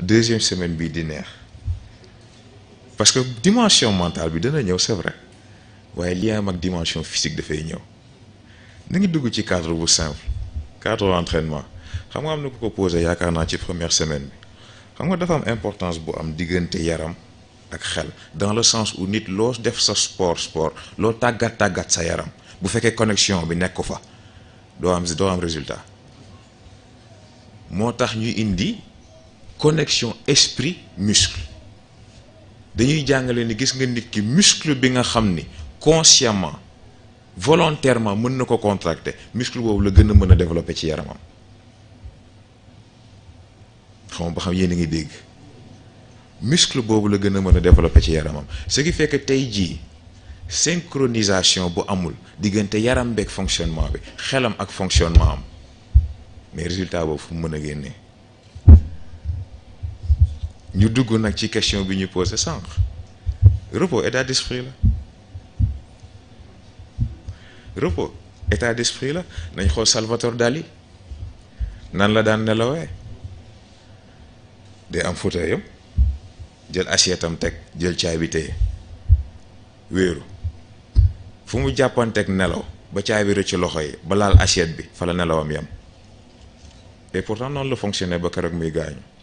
deuxième semaine bi di neex parce que dimension mentale bi dana ñëw c'est vrai waye lien am ak dimension physique dafay ñëw na ngi dugg ci cadre bu simple cadre entraînement xam nga am na ku ko poser yaakaar naa ci première semaine bi xam nga dafa am importance bu am digënté yaram ak xel dans le sens où nit lo def sa sport sport lo tagat tagat sa yaram bu fekkee connexion bi nekk fa doo am do am résultat motax ñu indi connexion esprit muscle dañuy jàngale ni gis nga nit ki muscle bi nga consciemment volontairement mën ko contracter muscle boobu la gën a développer ci yaramam xam ba xam yéen a ngi dégg muscle boobu la gën a développer ci yaramam ce qui fait que tey synchronisation bu amul diggante yaram beeg fonctionnement bi xélam ak fonctionnement am mais résultat boobu fu mëna mën ñu dugg nag ci question bi ñu posé sànq repos état d'esprit la repos état d'esprit la nañ Salvatore Dali nan la daan nelawee day am fauteuil jël assiette teg jël bi téye wéeru fu mu jàppanteeg nelaw ba rëcc loxo yi ba laal assiette bi fa la nelawam yam et pourtant noonu le fonctionné ba keroog